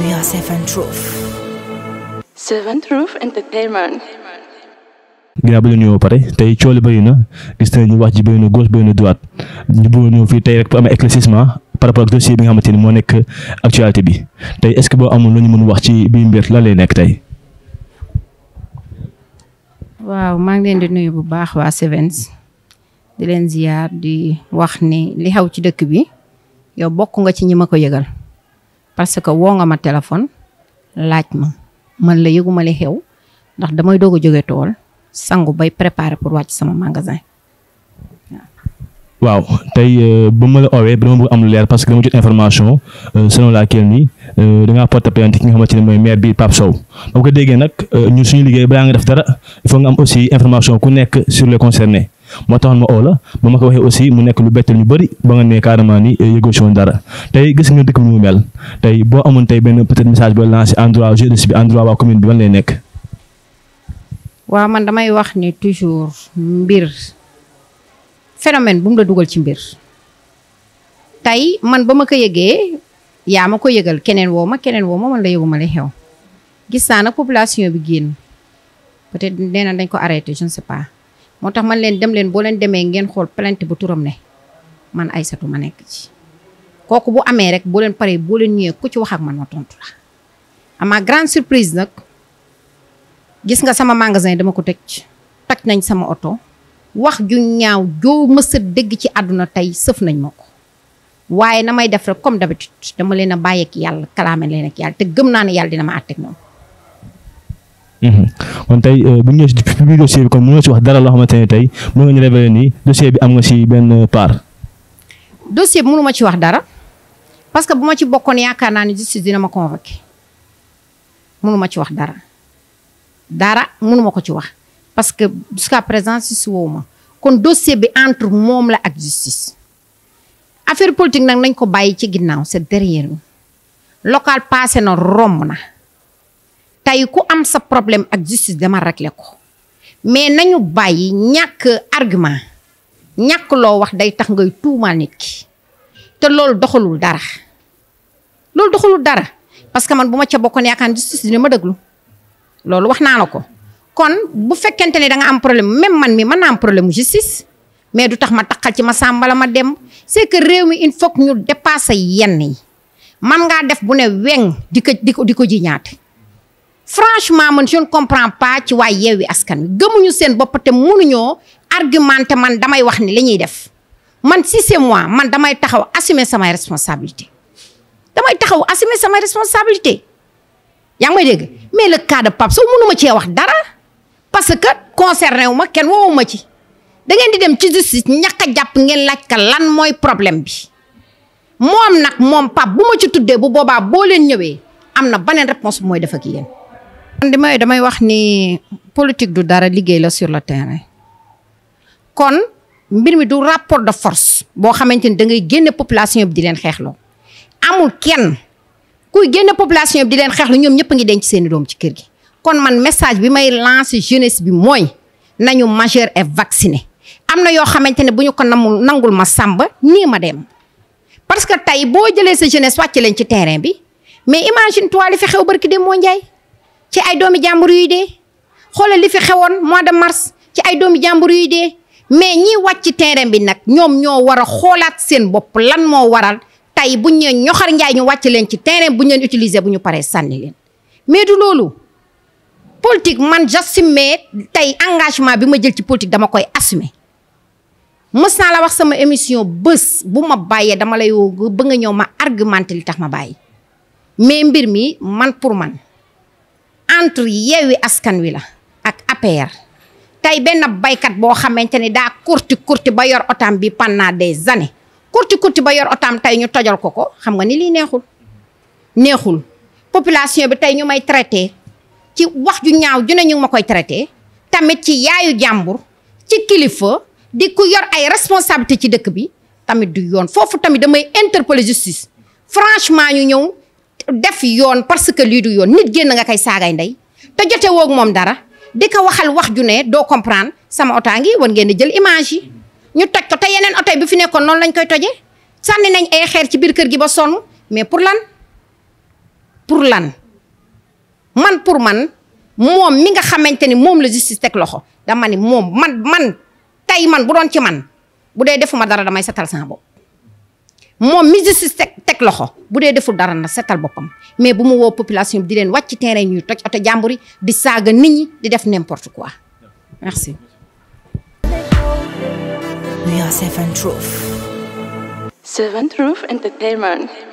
We are Seven Truth. Seven pare tey coole bëri na gis ñu wax ji bëri na gauche droite ñu bëggoon fii tey rek pour am éclaircissement par rapport ak dossier bi nga xamante ni moo nekk actualité bi tey est-ce que boo amul lu ñu mën wax ci biir mbir la lay nekk tey. waaw maa ngi leen di nuyu bu baax waa Sevens di leen ziar di wax ni li xaw ci dëkk bi yow bokk nga ci ñi ma ko yëgal. parce que woo nga ma téléphone laaj ma man la yëguma li xew ndax damay doog a jóge tool sangu bay préparer pour wàcc sama magasin waaw tey euh, ba ma la owee dama bëgg am lu leer parce que dama jot information euh, selon laquelle nii euh, da ngaa porte plainte ki nga xamante ne mooy maire bi Pape Sow ba ko déggee nag ñun suñu liggéey balaa nga def dara il faut nga am aussi information ku nekk sur les concernés moo taxoon ma oo ba ma ko waxee aussi mu nekk lu bettal ñu bari ba nga ne carrément ni eh, yëgoo si woon dara tey gis nga dëkk mu mel tey boo amoon tey benn peut-être message ba lancé endroit jeunesse bi endroit waa commune man damay wax ni toujours mbir phénomène bu la dugal ci mbir tey man ba ma ko yégee yaa ma ko yëgal keneen woo ma keneen woo ma man la yëguma li xew gis naa nag population bi génn peut-être nee dañ ko arrêté je ne pas. moo tax man leen dem leen boo leen demee ngeen xool plainte bu turam ne man ay Aysatu ma nekk ci kooku bu amee rek boo leen paree boo leen ñëwee ku ci wax ak man ma tontu la ama grande surprise nag gis nga sama magasin dama ko tëj toj nañ sama oto wax ju ñaaw joo mës a dégg ci àdduna tey sëf nañ ma ko waaye na may def rek comme d'habitude dama leen a bàyyi ak yàlla kalaame leen ak yàlla te gëm naa ne yàlla dina ma àtteeg moom Mhm. kon tey euh, bu ñu ñëwee si biir dossier bi kon mën nga si wax dara loo xamante ne tey mën nga ñu révélé nii dossier bi am nga si benn part. dossier bi mënu ma ci wax dara parce que bu ma ci bokkoon yaakaar naa ne justice dina ma convoqué mënu ma ci wax dara dara mënu ma ko ci wax parce que jusqu'à présent si su woo ma kon dossier bi entre moom la ak justice. affaire politique nag nañ ko bàyyi ci ginnaaw c'est derrière local passé na romb na. tey ku am sa problème ak justice dama réglé ko mais nañu bàyyi ñàkk argument ñàkk loo wax day tax ngay tuumaal nit ki te loolu doxalul dara loolu doxalul dara parce que man bu ma ca bokkoon yaakaan justice dina ma déglu loolu wax naa la ko kon bu fekkente ni da nga am problème même man mii man naa am problème justice mais du tax ma taqal ci ma la ma dem c'est que réew mi il faut ñu dépassé yenn yi man ngaa def bu ne weng di ko di ko di ko ji franchement man je ne comprends pas ci waay yeewi askan wi gëmuñu seen bopp te mënuñoo argumenté man damay wax ni li ñuy def man si c'est moi man damay taxaw assumer samay responsabilité damay taxaw assumer samay responsabilité yaa ngi may dégg mais le cas de Pape Sow mënuma cee wax dara parce que concerné wu ma kenn woowu ci da ngeen di dem ci justice ñàkk jàpp ngeen laaj ka lan mooy problème bi moom nag moom Pape bu ci tuddee bu boobaa boo leen ñëwee am na beneen réponse mooy def ak yéen li may damay wax ni politique du dara liggéey la sur le terrain kon mbir mi du rapport de force boo xamante ni da ngay génne population bi di leen xeexloo amul kenn kuy génne population bi di leen xeexlu ñoom ñëpp a ngi denc seeni doom ci kër gi kon man message bi may lancer jeunesse bi mooy nañu majeur et vacciné am na yoo xamante ne bu ñu ko namul nangul ma sàmba nii ma dem parce que tey boo jëlee sa jeunesse wàcc leen ci terrain bi mais imagine toi li fi xew moo njaay ci ay doomi jàmbur yuy de xoolal li fi xewoon mois de mars ci ay doomi jàmbur yuy de mais ñi ci terrain bi nag ñoom ñoo war a xoolaat seen bopp lan moo waral tey buñ ñeen ñoxar njaay ñu wàcc leen ci terrain bu leen utiliser bu ñu paree sànni leen mais du loolu politique man jas j'assume tey engagement bi ma jël ci politique dama koy assumer mës naa la wax sama émission bés bu ma bàyyee dama lay woo ba nga ñëw ma argumenté li tax ma bàyyi mais mbir mi man pour man entre Yewwi Askan Wi la ak APR tey benn baykat boo xamante ne daa kurti kurti ba yor otam bi pendant des années kurti kurti ba yor otam tey ñu tojal ko ko xam nga ni lii neexul neexul population bi tey ñu may traité ci wax ju ñaaw ju ne ñu ma koy traité tamit ci yaayu jàmbur ci kilifa di ku yor ay responsabilité ci dëkk bi tamit du yoon foofu tamit damay interpeller justice franchement ñu ñëw def yoon parce que lii du yoon nit génn nga koy saagay ndey te jote woog moom dara di ko waxal wax ju ne doo comprendre sama otaa ngi war ngeen di jël image yi ñu toj ko te yeneen oto bi fi nekkoon noonu lañ koy toje sànni nañ ay xeer ci biir kër gi ba sonn mais pour lan pour lan man pour man moom mi nga xamante ni moom la justice teg loxo dama ni moom man man tey man bu doon ci man bu dee defuma dara damay satal sama bopp moom Mizisis teg teg loxo bu dee deful dara na setal boppam mais bu ma woo population bi di leen wàcc terrain ñuy toj oto jàmbur yi di saaga nit di def n'importe quoi merci. We are